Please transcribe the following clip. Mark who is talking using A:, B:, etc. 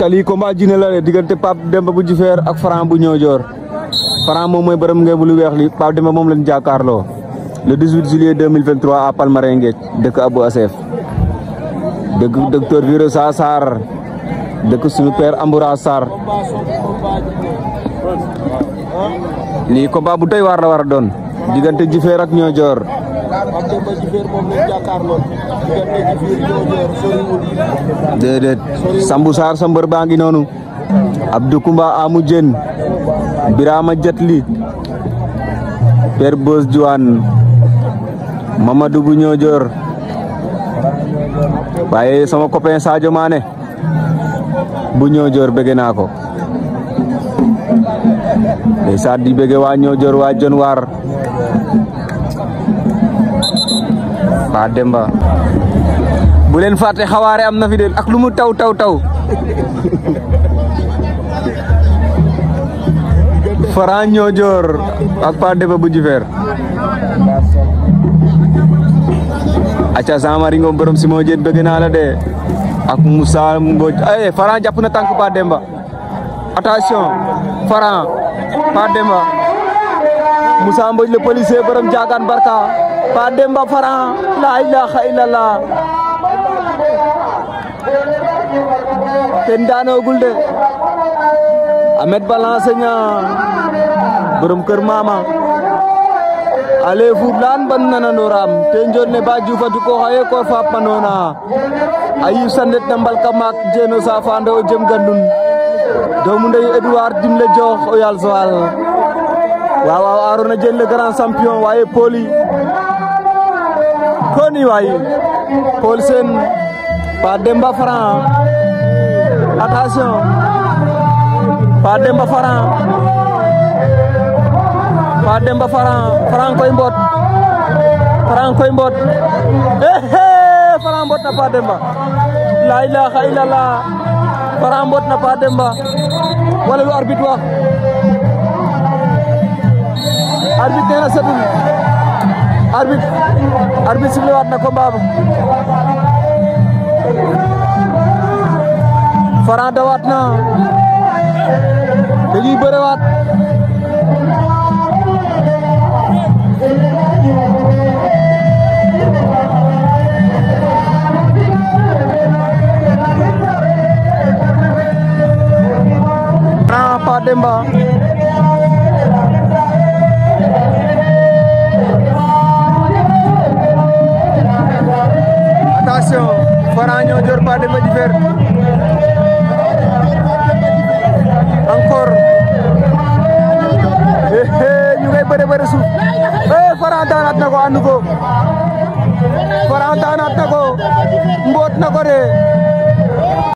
A: cali combat jine la le diggante pap Demba bu jifer ak Franc bu jor Franc mom moy bërëm ngey bu lu weex li pap Demba mom lañu jàkkaarloo le 18 juillet 2023 à palmarengue Nguéj Abou Assef dëkk docteur viro Sarr dëkk suñu père Amboura Sarr lii combat bu tay war la war don doon jifer ak ak jor ak Demba Djifer moom lañ jàkkaarloon Demba baa ngi noonu Abdou Koumba Amou Dieng Birama Jetli Père Bos Diwane Mamadou bu Ñoojoor waaye sama copain Sadio bu Ñoojoor bëgg naa ko ndeysaan di bëgg waa Ñoojoor waa Jonwaar Ba Demba bu leen fàtte xawaare am fi del ak lu mu taw taw taw Faran jor ak Pa Demba bu Jifeer acha sama ringo borom si moo jeet bëgg na la de ak Moussa Mbodj ay Faran japp na tank Pa Demba attention Faran Pa Demba Moussa Mbodj le policier eh, borom jaagaan barka Pa Demba Faran la ilaha illallah kenn daanoogul de Ahmed Balancé Niang borom kër mama ale laan ban nana noram te njoon ne ba jufatu ko xaye ko faap manoona ayu sandet na mbalka maak jeeno saafaande o jem gandun doomu ndey Edouard dimle jox o yal soal waaw waaw Arona Diène le grand champion waaye poli koni wayi Paulsen Pa Demba Franc attention Pa Demba Franc Pa Demba Franc koy mbot Franc koy mbot ehe eh, Franc mbot na Pa Demba la ilaha illallah Franc mbot na Pa Demba wala lu arbitre wax arbitre nee na arbitre arbitre sifflé waat na combat ba Franc dawaat na dañuy bërewaat Franc Pa Demba Franc Franc jor ba Demba Djifer encore eh, eh, ñu ngay bëre bëre suuf eh Franc daanaat na ko ànd ko Franc daanaat na ko mboot na ko de